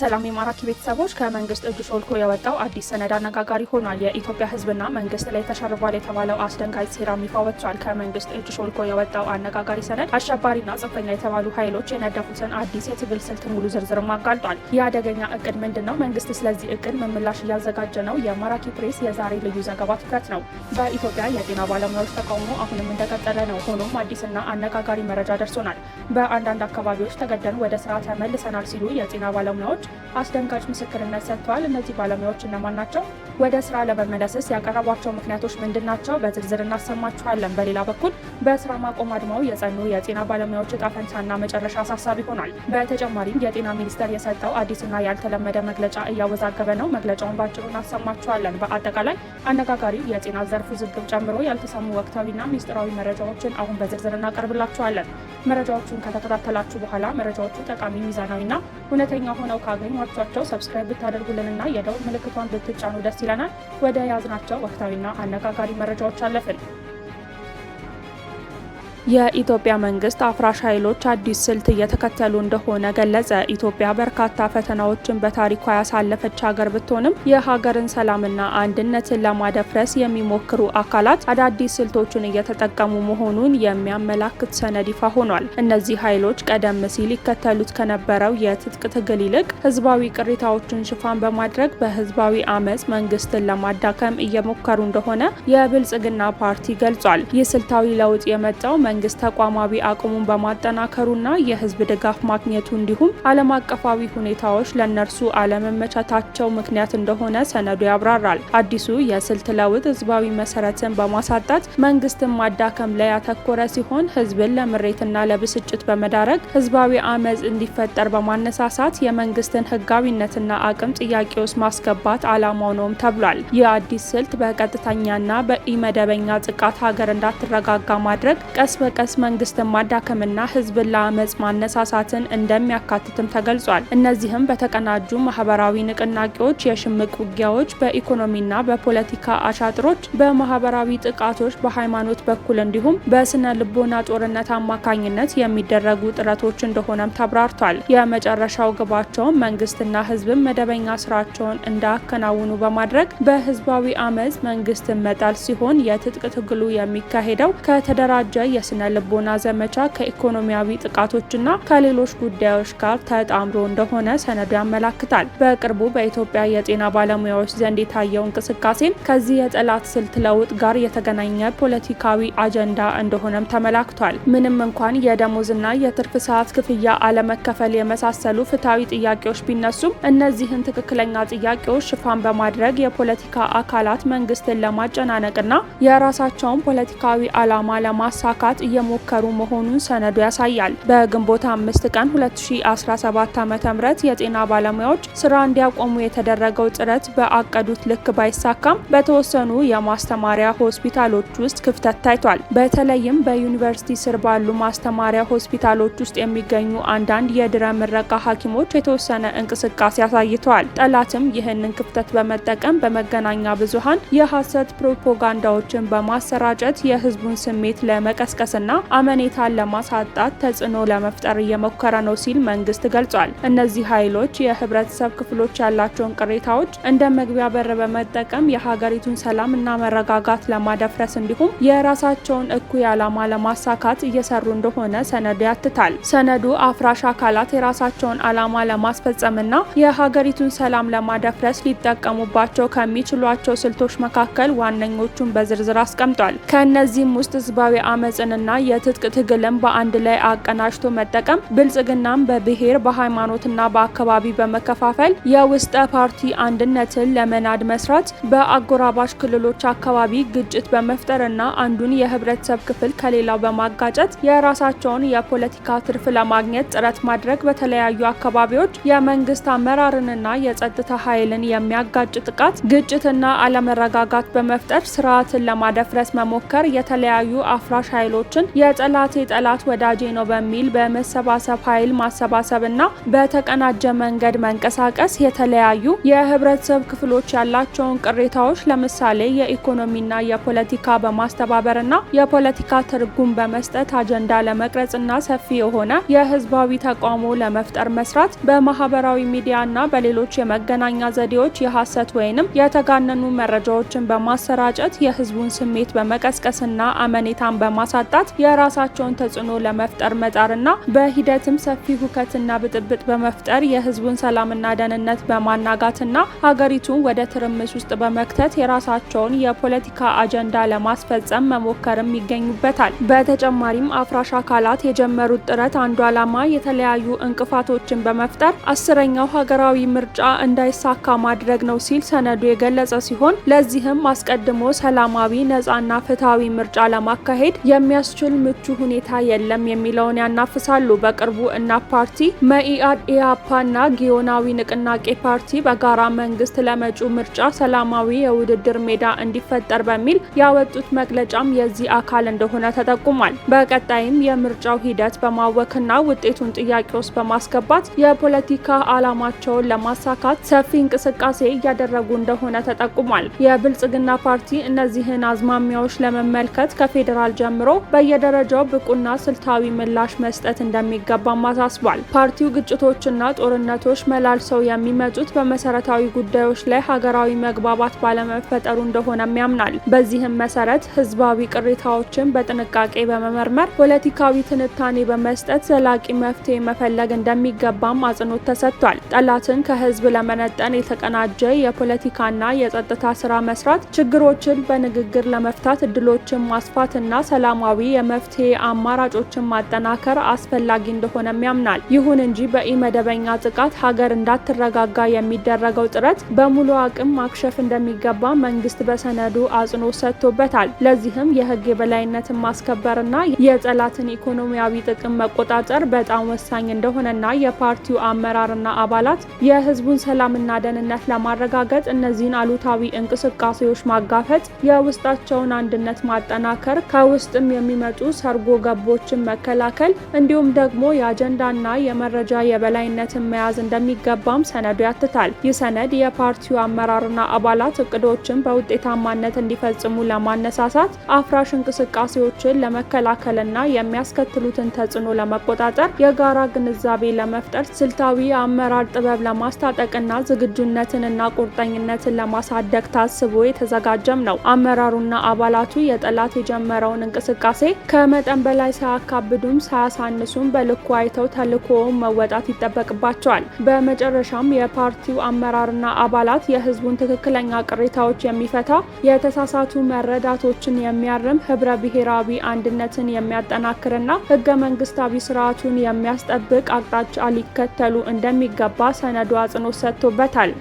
ሰላም የማራኪ ቤተሰቦች፣ ከመንግስት እጅ ሾልኮ የወጣው አዲስ ሰነድ አነጋጋሪ ሆኗል። የኢትዮጵያ ሕዝብና መንግስት ላይ ተሸርቧል የተባለው አስደንጋጭ ሴራም ይፋ ወጥቷል። ከመንግስት እጅ ሾልኮ የወጣው አነጋጋሪ ሰነድ አሸባሪና ጽንፈኛ የተባሉ ኃይሎች የነደፉትን አዲስ የትግል ስልት ሙሉ ዝርዝርም አጋልጧል። ይህ አደገኛ እቅድ ምንድን ነው? መንግስት ስለዚህ እቅድ ምምላሽ እያዘጋጀ ነው? የማራኪ ፕሬስ የዛሬ ልዩ ዘገባ ትኩረት ነው። በኢትዮጵያ የጤና ባለሙያዎች ተቃውሞ አሁንም እንደቀጠለ ነው። ሆኖም አዲስና አነጋጋሪ መረጃ ደርሶናል። በአንዳንድ አካባቢዎች ተገደን ወደ ስራ ተመልሰናል ሲሉ የጤና ባለሙያዎች አስደንጋጭ ምስክርነት ሰጥተዋል። እነዚህ ባለሙያዎች እነማን ናቸው? ወደ ስራ ለመመለስስ ያቀረቧቸው ምክንያቶች ምንድን ናቸው? በዝርዝር እናሰማችኋለን። በሌላ በኩል በስራ ማቆም አድማው የጸኑ የጤና ባለሙያዎች እጣ ፈንታና መጨረሻ አሳሳቢ ሆኗል። በተጨማሪም የጤና ሚኒስቴር የሰጠው አዲስና ያልተለመደ መግለጫ እያወዛገበ ነው። መግለጫውን በአጭሩ እናሰማችኋለን። በአጠቃላይ አነጋጋሪ የጤና ዘርፍ ውዝግብ ጨምሮ ያልተሰሙ ወቅታዊና ሚስጥራዊ መረጃዎችን አሁን በዝርዝር እናቀርብላችኋለን። መረጃዎቹን ከተከታተላችሁ በኋላ መረጃዎቹ ጠቃሚ፣ ሚዛናዊና እውነተኛ ሆነው ካገኟቸው ሰብስክራይብ ብታደርጉልንና የደውል ምልክቷን ብትጫኑ ደስ ይለናል። ወደ ያዝናቸው ወቅታዊና አነጋጋሪ መረጃዎች አለፍን። የኢትዮጵያ መንግስት አፍራሽ ኃይሎች አዲስ ስልት እየተከተሉ እንደሆነ ገለጸ። ኢትዮጵያ በርካታ ፈተናዎችን በታሪኳ ያሳለፈች ሀገር ብትሆንም የሀገርን ሰላምና አንድነትን ለማደፍረስ የሚሞክሩ አካላት አዳዲስ ስልቶችን እየተጠቀሙ መሆኑን የሚያመላክት ሰነድ ይፋ ሆኗል። እነዚህ ኃይሎች ቀደም ሲል ይከተሉት ከነበረው የትጥቅ ትግል ይልቅ ህዝባዊ ቅሬታዎችን ሽፋን በማድረግ በህዝባዊ አመፅ መንግስትን ለማዳከም እየሞከሩ እንደሆነ የብልጽግና ፓርቲ ገልጿል። ይህ ስልታዊ ለውጥ የመጣው መንግስት ተቋማዊ አቅሙን በማጠናከሩና የህዝብ ድጋፍ ማግኘቱ እንዲሁም ዓለም አቀፋዊ ሁኔታዎች ለእነርሱ አለመመቻታቸው ምክንያት እንደሆነ ሰነዱ ያብራራል። አዲሱ የስልት ለውጥ ህዝባዊ መሰረትን በማሳጣት መንግስትን ማዳከም ላይ ያተኮረ ሲሆን ህዝብን ለምሬትና ለብስጭት በመዳረግ ህዝባዊ አመፅ እንዲፈጠር በማነሳሳት የመንግስትን ህጋዊነትና አቅም ጥያቄ ውስጥ ማስገባት ዓላማው ነውም ተብሏል። የአዲስ አዲስ ስልት በቀጥተኛና በኢመደበኛ ጥቃት ሀገር እንዳትረጋጋ ማድረግ ቀስ በቀስ መንግስትን ማዳከምና ህዝብን ለአመፅ ማነሳሳትን እንደሚያካትትም ተገልጿል። እነዚህም በተቀናጁ ማህበራዊ ንቅናቄዎች፣ የሽምቅ ውጊያዎች፣ በኢኮኖሚና በፖለቲካ አሻጥሮች፣ በማህበራዊ ጥቃቶች፣ በሃይማኖት በኩል እንዲሁም በስነ ልቦና ጦርነት አማካኝነት የሚደረጉ ጥረቶች እንደሆነም ተብራርቷል። የመጨረሻው ግባቸውን መንግስትና ህዝብን መደበኛ ስራቸውን እንዳያከናውኑ በማድረግ በህዝባዊ አመፅ መንግስትን መጣል ሲሆን የትጥቅ ትግሉ የሚካሄደው ከተደራጀ የስነ የስነ ልቦና ዘመቻ ከኢኮኖሚያዊ ጥቃቶችና ከሌሎች ጉዳዮች ጋር ተጣምሮ እንደሆነ ሰነዱ ያመላክታል። በቅርቡ በኢትዮጵያ የጤና ባለሙያዎች ዘንድ የታየው እንቅስቃሴም ከዚህ የጠላት ስልት ለውጥ ጋር የተገናኘ ፖለቲካዊ አጀንዳ እንደሆነም ተመላክቷል። ምንም እንኳን የደሞዝና የትርፍ ሰዓት ክፍያ አለመከፈል የመሳሰሉ ፍትሐዊ ጥያቄዎች ቢነሱም እነዚህን ትክክለኛ ጥያቄዎች ሽፋን በማድረግ የፖለቲካ አካላት መንግስትን ለማጨናነቅና የራሳቸውን ፖለቲካዊ ዓላማ ለማሳካት እየሞከሩ መሆኑን ሰነዱ ያሳያል። በግንቦት አምስት ቀን 2017 ዓ ም የጤና ባለሙያዎች ስራ እንዲያቆሙ የተደረገው ጥረት በአቀዱት ልክ ባይሳካም በተወሰኑ የማስተማሪያ ሆስፒታሎች ውስጥ ክፍተት ታይቷል። በተለይም በዩኒቨርሲቲ ስር ባሉ ማስተማሪያ ሆስፒታሎች ውስጥ የሚገኙ አንዳንድ የድረ ምረቃ ሐኪሞች የተወሰነ እንቅስቃሴ አሳይተዋል። ጠላትም ይህንን ክፍተት በመጠቀም በመገናኛ ብዙሃን የሐሰት ፕሮፓጋንዳዎችን በማሰራጨት የህዝቡን ስሜት ለመቀስቀስ ለመቀስቀስና አመኔታን ለማሳጣት ተጽዕኖ ለመፍጠር እየሞከረ ነው ሲል መንግስት ገልጿል። እነዚህ ኃይሎች የህብረተሰብ ክፍሎች ያላቸውን ቅሬታዎች እንደ መግቢያ በር በመጠቀም የሀገሪቱን ሰላም እና መረጋጋት ለማደፍረስ እንዲሁም የራሳቸውን እኩይ ዓላማ ለማሳካት እየሰሩ እንደሆነ ሰነዱ ያትታል። ሰነዱ አፍራሽ አካላት የራሳቸውን ዓላማ ለማስፈጸምና የሀገሪቱን ሰላም ለማደፍረስ ሊጠቀሙባቸው ከሚችሏቸው ስልቶች መካከል ዋነኞቹን በዝርዝር አስቀምጧል። ከእነዚህም ውስጥ ህዝባዊ አመፅን ሰላምንና የትጥቅ ትግልን በአንድ ላይ አቀናጅቶ መጠቀም፣ ብልጽግናም በብሔር በሃይማኖትና በአካባቢ በመከፋፈል የውስጠ ፓርቲ አንድነትን ለመናድ መስራት፣ በአጎራባሽ ክልሎች አካባቢ ግጭት በመፍጠርና አንዱን የህብረተሰብ ክፍል ከሌላው በማጋጨት የራሳቸውን የፖለቲካ ትርፍ ለማግኘት ጥረት ማድረግ፣ በተለያዩ አካባቢዎች የመንግስት አመራርንና የጸጥታ ኃይልን የሚያጋጭ ጥቃት፣ ግጭትና አለመረጋጋት በመፍጠር ስርዓትን ለማደፍረስ መሞከር የተለያዩ አፍራሽ ኃይሎች ሰዎችን የጠላቴ ጠላት ወዳጄ ነው በሚል በመሰባሰብ ኃይል ማሰባሰብና በተቀናጀ መንገድ መንቀሳቀስ የተለያዩ የህብረተሰብ ክፍሎች ያላቸውን ቅሬታዎች ለምሳሌ የኢኮኖሚና የፖለቲካ በማስተባበርና የፖለቲካ ትርጉም በመስጠት አጀንዳ ለመቅረጽና ሰፊ የሆነ የህዝባዊ ተቃውሞ ለመፍጠር መስራት በማህበራዊ ሚዲያና በሌሎች የመገናኛ ዘዴዎች የሐሰት ወይንም የተጋነኑ መረጃዎችን በማሰራጨት የህዝቡን ስሜት በመቀስቀስና አመኔታን በማሳጣት በማጥቃት የራሳቸውን ተጽዕኖ ለመፍጠር መጣርና በሂደትም ሰፊ ሁከትና ብጥብጥ በመፍጠር የህዝቡን ሰላምና ደህንነት በማናጋትና ሀገሪቱን ወደ ትርምስ ውስጥ በመክተት የራሳቸውን የፖለቲካ አጀንዳ ለማስፈጸም መሞከርም ይገኙበታል። በተጨማሪም አፍራሽ አካላት የጀመሩት ጥረት አንዱ ዓላማ የተለያዩ እንቅፋቶችን በመፍጠር አስረኛው ሀገራዊ ምርጫ እንዳይሳካ ማድረግ ነው ሲል ሰነዱ የገለጸ ሲሆን ለዚህም አስቀድሞ ሰላማዊ ነጻና ፍትሐዊ ምርጫ ለማካሄድ የሚያስ የሚያስችል ምቹ ሁኔታ የለም የሚለውን ያናፍሳሉ። በቅርቡ እና ፓርቲ፣ መኢአድ፣ ኢያፓና ጊዮናዊ ንቅናቄ ፓርቲ በጋራ መንግስት ለመጪው ምርጫ ሰላማዊ የውድድር ሜዳ እንዲፈጠር በሚል ያወጡት መግለጫም የዚህ አካል እንደሆነ ተጠቁሟል። በቀጣይም የምርጫው ሂደት በማወክና ውጤቱን ጥያቄ ውስጥ በማስገባት የፖለቲካ ዓላማቸውን ለማሳካት ሰፊ እንቅስቃሴ እያደረጉ እንደሆነ ተጠቁሟል። የብልጽግና ፓርቲ እነዚህን አዝማሚያዎች ለመመልከት ከፌዴራል ጀምሮ በየደረጃው ብቁና ስልታዊ ምላሽ መስጠት እንደሚገባም አሳስቧል። ፓርቲው ግጭቶችና ጦርነቶች መላልሰው የሚመጡት በመሰረታዊ ጉዳዮች ላይ ሀገራዊ መግባባት ባለመፈጠሩ እንደሆነም ያምናል። በዚህም መሰረት ህዝባዊ ቅሬታዎችን በጥንቃቄ በመመርመር ፖለቲካዊ ትንታኔ በመስጠት ዘላቂ መፍትሄ መፈለግ እንደሚገባም አጽንኦት ተሰጥቷል። ጠላትን ከህዝብ ለመነጠን የተቀናጀ የፖለቲካና የጸጥታ ስራ መስራት፣ ችግሮችን በንግግር ለመፍታት እድሎችን ማስፋትና ሰላማዊ የመፍትሄ አማራጮችን ማጠናከር አስፈላጊ እንደሆነም ያምናል። ይሁን እንጂ በኢመደበኛ ጥቃት ሀገር እንዳትረጋጋ የሚደረገው ጥረት በሙሉ አቅም ማክሸፍ እንደሚገባ መንግስት በሰነዱ አጽንኦት ሰጥቶበታል። ለዚህም የህግ የበላይነትን ማስከበርና የጠላትን ኢኮኖሚያዊ ጥቅም መቆጣጠር በጣም ወሳኝ እንደሆነና የፓርቲው አመራርና አባላት የህዝቡን ሰላምና ደህንነት ለማረጋገጥ እነዚህን አሉታዊ እንቅስቃሴዎች ማጋፈጥ፣ የውስጣቸውን አንድነት ማጠናከር፣ ከውስጥም የሚ የሚመጡ ሰርጎ ገቦችን መከላከል እንዲሁም ደግሞ የአጀንዳና የመረጃ የበላይነትን መያዝ እንደሚገባም ሰነዱ ያትታል። ይህ ሰነድ የፓርቲው አመራርና አባላት እቅዶችን በውጤታማነት እንዲፈጽሙ ለማነሳሳት አፍራሽ እንቅስቃሴዎችን ለመከላከልና የሚያስከትሉትን ተጽዕኖ ለመቆጣጠር የጋራ ግንዛቤ ለመፍጠር ስልታዊ የአመራር ጥበብ ለማስታጠቅና ዝግጁነትንና ቁርጠኝነትን ለማሳደግ ታስቦ የተዘጋጀም ነው። አመራሩና አባላቱ የጠላት የጀመረውን እንቅስቃሴ እንቅስቃሴ ከመጠን በላይ ሳያካብዱም ሳያሳንሱም በልኩ አይተው ተልዕኮውን መወጣት ይጠበቅባቸዋል። በመጨረሻም የፓርቲው አመራርና አባላት የህዝቡን ትክክለኛ ቅሬታዎች የሚፈታ የተሳሳቱ መረዳቶችን የሚያርም ህብረ ብሔራዊ አንድነትን የሚያጠናክርና ህገ መንግስታዊ ስርዓቱን የሚያስጠብቅ አቅጣጫ ሊከተሉ እንደሚገባ ሰነዱ አጽንኦት ሰጥቶበታል።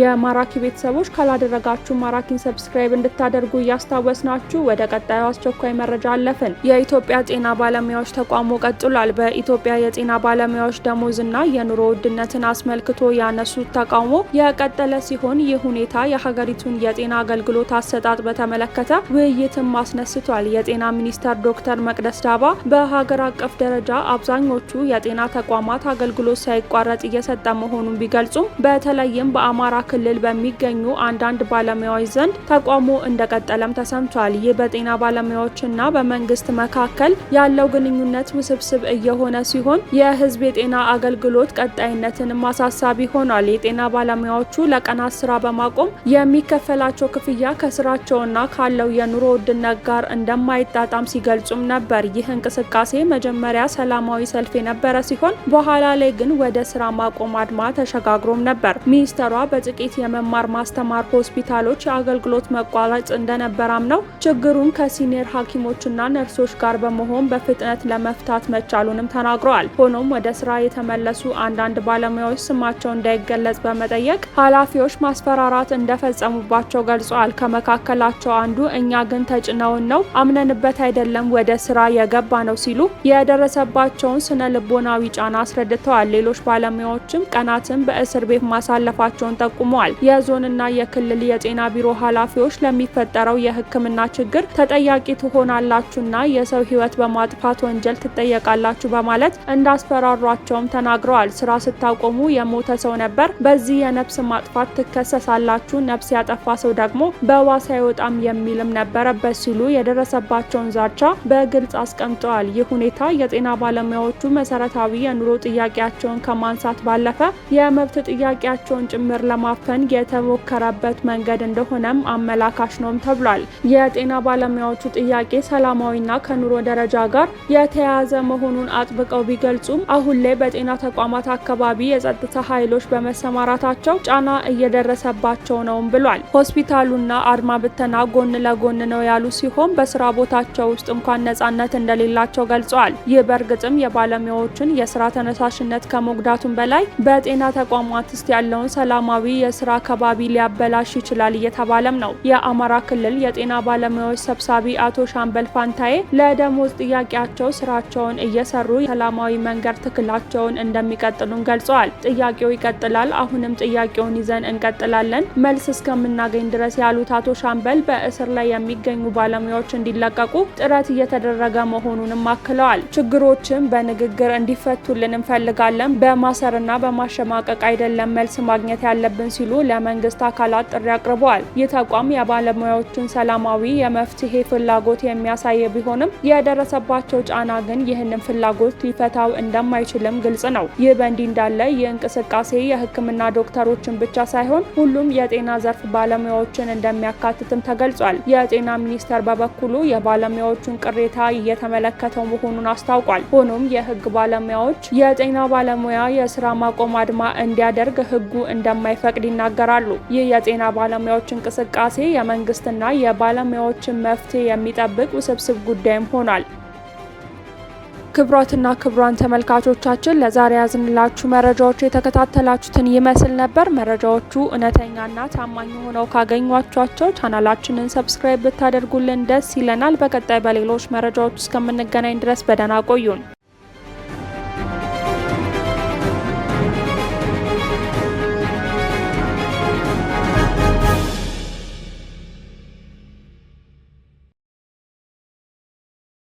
የማራኪ ቤተሰቦች ካላደረጋችሁ ማራኪን ሰብስክራይብ እንድታደርጉ እያስታወስናችሁ ወደ ቀጣዩ አስቸኳይ መረጃ አለፍን። የኢትዮጵያ ጤና ባለሙያዎች ተቋሙ ቀጥሏል። በኢትዮጵያ የጤና ባለሙያዎች ደሞዝና የኑሮ ውድነትን አስመልክቶ ያነሱት ተቃውሞ የቀጠለ ሲሆን ይህ ሁኔታ የሀገሪቱን የጤና አገልግሎት አሰጣጥ በተመለከተ ውይይትም አስነስቷል። የጤና ሚኒስተር ዶክተር መቅደስ ዳባ በሀገር አቀፍ ደረጃ አብዛኞቹ የጤና ተቋማት አገልግሎት ሳይቋረጥ እየሰጠ መሆኑን ቢገልጹም በተለይም በአማራ በአማራ ክልል በሚገኙ አንዳንድ ባለሙያዎች ዘንድ ተቋሙ እንደቀጠለም ተሰምቷል። ይህ በጤና ባለሙያዎችና በመንግስት መካከል ያለው ግንኙነት ውስብስብ እየሆነ ሲሆን የህዝብ የጤና አገልግሎት ቀጣይነትንም አሳሳቢ ሆኗል። የጤና ባለሙያዎቹ ለቀናት ስራ በማቆም የሚከፈላቸው ክፍያ ከስራቸውና ካለው የኑሮ ውድነት ጋር እንደማይጣጣም ሲገልጹም ነበር። ይህ እንቅስቃሴ መጀመሪያ ሰላማዊ ሰልፍ የነበረ ሲሆን በኋላ ላይ ግን ወደ ስራ ማቆም አድማ ተሸጋግሮም ነበር። ሚኒስተሯ ጥቂት የመማር ማስተማር ሆስፒታሎች የአገልግሎት መቋረጥ እንደነበራም ነው። ችግሩን ከሲኒየር ሐኪሞችና ነርሶች ጋር በመሆን በፍጥነት ለመፍታት መቻሉንም ተናግረዋል። ሆኖም ወደ ስራ የተመለሱ አንዳንድ ባለሙያዎች ስማቸው እንዳይገለጽ በመጠየቅ ኃላፊዎች ማስፈራራት እንደፈጸሙባቸው ገልጸዋል። ከመካከላቸው አንዱ እኛ ግን ተጭነውን ነው አምነንበት አይደለም ወደ ስራ የገባ ነው ሲሉ የደረሰባቸውን ስነ ልቦናዊ ጫና አስረድተዋል። ሌሎች ባለሙያዎችም ቀናትን በእስር ቤት ማሳለፋቸውን ጠቁ ጠቁመዋል። የዞንና የክልል የጤና ቢሮ ኃላፊዎች ለሚፈጠረው የሕክምና ችግር ተጠያቂ ትሆናላችሁና የሰው ሕይወት በማጥፋት ወንጀል ትጠየቃላችሁ በማለት እንዳስፈራሯቸውም ተናግረዋል። ስራ ስታቆሙ የሞተ ሰው ነበር፣ በዚህ የነፍስ ማጥፋት ትከሰሳላችሁ፣ ነፍስ ያጠፋ ሰው ደግሞ በዋስ አይወጣም የሚልም ነበረበት ሲሉ የደረሰባቸውን ዛቻ በግልጽ አስቀምጠዋል። ይህ ሁኔታ የጤና ባለሙያዎቹ መሰረታዊ የኑሮ ጥያቄያቸውን ከማንሳት ባለፈ የመብት ጥያቄያቸውን ጭምር ለማ ለማፈን የተሞከረበት መንገድ እንደሆነም አመላካሽ ነውም ተብሏል። የጤና ባለሙያዎቹ ጥያቄ ሰላማዊና ከኑሮ ደረጃ ጋር የተያያዘ መሆኑን አጥብቀው ቢገልጹም አሁን ላይ በጤና ተቋማት አካባቢ የጸጥታ ኃይሎች በመሰማራታቸው ጫና እየደረሰባቸው ነውም ብሏል። ሆስፒታሉና አድማ ብተና ጎን ለጎን ነው ያሉ ሲሆን በስራ ቦታቸው ውስጥ እንኳን ነጻነት እንደሌላቸው ገልጸዋል። ይህ በእርግጥም የባለሙያዎችን የስራ ተነሳሽነት ከመጉዳቱም በላይ በጤና ተቋማት ውስጥ ያለውን ሰላማዊ የስራ ከባቢ ሊያበላሽ ይችላል እየተባለም ነው። የአማራ ክልል የጤና ባለሙያዎች ሰብሳቢ አቶ ሻምበል ፋንታዬ ለደሞዝ ጥያቄያቸው ስራቸውን እየሰሩ ሰላማዊ መንገድ ትክላቸውን እንደሚቀጥሉን ገልጸዋል። ጥያቄው ይቀጥላል። አሁንም ጥያቄውን ይዘን እንቀጥላለን መልስ እስከምናገኝ ድረስ ያሉት አቶ ሻምበል በእስር ላይ የሚገኙ ባለሙያዎች እንዲለቀቁ ጥረት እየተደረገ መሆኑንም አክለዋል። ችግሮችን በንግግር እንዲፈቱልን እንፈልጋለን። በማሰርና በማሸማቀቅ አይደለም መልስ ማግኘት ያለብን እንችላለን ሲሉ ለመንግስት አካላት ጥሪ አቅርበዋል። ይህ ተቋም የባለሙያዎቹን ሰላማዊ የመፍትሄ ፍላጎት የሚያሳይ ቢሆንም የደረሰባቸው ጫና ግን ይህንን ፍላጎት ሊፈታው እንደማይችልም ግልጽ ነው። ይህ በእንዲህ እንዳለ ይህ እንቅስቃሴ የሕክምና ዶክተሮችን ብቻ ሳይሆን ሁሉም የጤና ዘርፍ ባለሙያዎችን እንደሚያካትትም ተገልጿል። የጤና ሚኒስቴር በበኩሉ የባለሙያዎቹን ቅሬታ እየተመለከተው መሆኑን አስታውቋል። ሆኖም የህግ ባለሙያዎች የጤና ባለሙያ የስራ ማቆም አድማ እንዲያደርግ ህጉ እንደማይፈቅድ እንደሚፈቅድ ይናገራሉ። ይህ የጤና ባለሙያዎች እንቅስቃሴ የመንግስትና የባለሙያዎችን መፍትሄ የሚጠብቅ ውስብስብ ጉዳይም ሆኗል። ክብሯትና ክብሯን ተመልካቾቻችን ለዛሬ ያዝንላችሁ መረጃዎች የተከታተላችሁትን ይመስል ነበር። መረጃዎቹ እውነተኛና ታማኝ ሆነው ካገኟቸው ቻናላችንን ሰብስክራይብ ብታደርጉልን ደስ ይለናል። በቀጣይ በሌሎች መረጃዎች እስከምንገናኝ ድረስ በደህና ቆዩን።